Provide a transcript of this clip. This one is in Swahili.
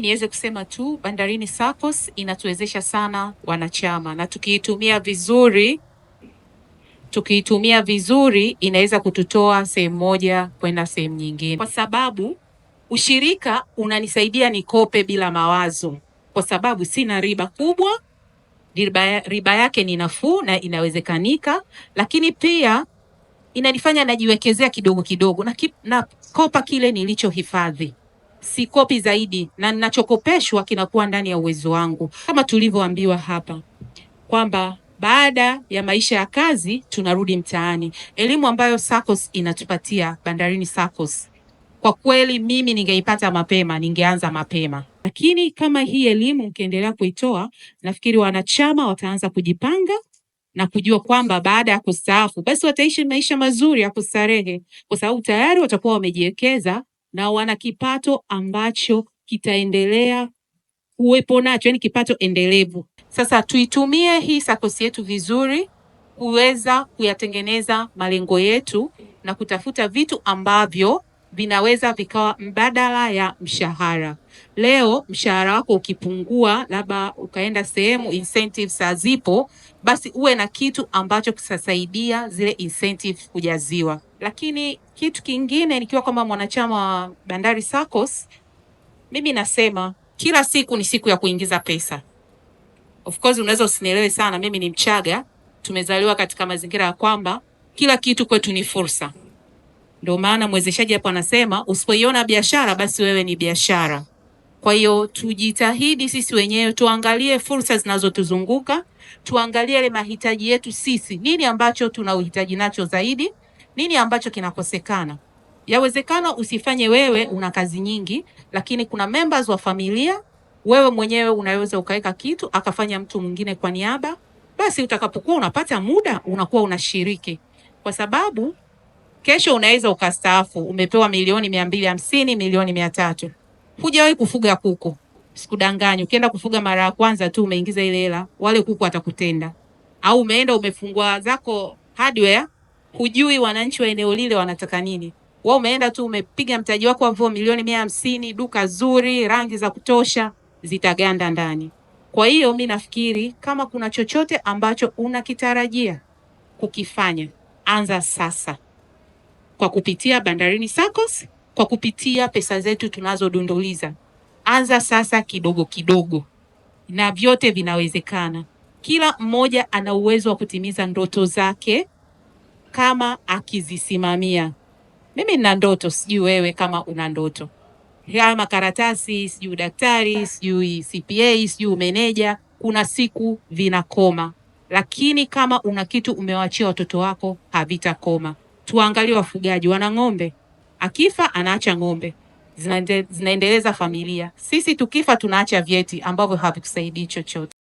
Niweze kusema tu Bandarini SACCOS inatuwezesha sana wanachama, na tukiitumia vizuri, tukiitumia vizuri inaweza kututoa sehemu moja kwenda sehemu nyingine, kwa sababu ushirika unanisaidia nikope bila mawazo, kwa sababu sina riba kubwa. Riba, riba yake ni nafuu na inawezekanika, lakini pia inanifanya najiwekezea kidogo kidogo na kopa kile nilichohifadhi sikopi zaidi, na ninachokopeshwa kinakuwa ndani ya uwezo wangu, kama tulivyoambiwa hapa kwamba baada ya maisha ya kazi tunarudi mtaani. Elimu ambayo SACCOS inatupatia Bandarini SACCOS, kwa kweli mimi ningeipata mapema, ningeanza mapema, lakini kama hii elimu mkiendelea kuitoa, nafikiri wanachama wataanza kujipanga na kujua kwamba baada ya kustaafu basi wataishi maisha mazuri ya kustarehe, kwa sababu tayari watakuwa wamejiwekeza na wana kipato ambacho kitaendelea kuwepo nacho, yani kipato endelevu. Sasa tuitumie hii sakosi yetu vizuri kuweza kuyatengeneza malengo yetu na kutafuta vitu ambavyo vinaweza vikawa mbadala ya mshahara. Leo mshahara wako ukipungua, labda ukaenda sehemu incentives hazipo, basi uwe na kitu ambacho kitasaidia zile incentives kujaziwa. Lakini kitu kingine, nikiwa kama mwanachama wa Bandari SACCOS, mimi nasema kila siku ni siku ya kuingiza pesa. Of course unaweza usinielewe sana, mimi ni Mchaga, tumezaliwa katika mazingira ya kwamba kila kitu kwetu ni fursa. Ndio maana mwezeshaji hapo anasema usipoiona biashara basi wewe ni biashara. Kwa hiyo tujitahidi sisi wenyewe, tuangalie fursa zinazotuzunguka, tuangalie ile mahitaji yetu sisi, nini ambacho tuna uhitaji nacho zaidi, nini ambacho kinakosekana. Yawezekana usifanye wewe, una kazi nyingi, lakini kuna members wa familia, wewe mwenyewe unaweza ukaweka kitu akafanya mtu mwingine kwa niaba. Basi utakapokuwa unapata muda, unakuwa unashiriki kwa sababu Kesho unaweza ukastaafu, umepewa milioni mia mbili hamsini, milioni mia tatu. Hujawahi kufuga kuku, sikudanganyi. Ukienda kufuga mara ya kwanza tu umeingiza ile hela, wale kuku watakutenda. Au umeenda umefungua zako hardware, hujui wananchi wa eneo lile wanataka nini. Wewe umeenda tu umepiga mtaji wako wa milioni mia hamsini, duka zuri, rangi za kutosha, zitaganda ndani. Kwa hiyo mi nafikiri kama kuna chochote ambacho unakitarajia kukifanya, anza sasa kwa kupitia Bandarini SACCOS, kwa kupitia pesa zetu tunazodunduliza Anza sasa kidogo kidogo, na vyote vinawezekana. Kila mmoja ana uwezo wa kutimiza ndoto zake kama akizisimamia. Mimi nina ndoto, sijui wewe kama una ndoto. Haya makaratasi, sijui udaktari, sijui CPA, sijui umeneja, kuna siku vinakoma, lakini kama una kitu umewachia watoto wako havitakoma tuwaangalie wafugaji wana ng'ombe, akifa anaacha ng'ombe zinaendeleza familia. Sisi tukifa tunaacha vyeti ambavyo havikusaidii chochote.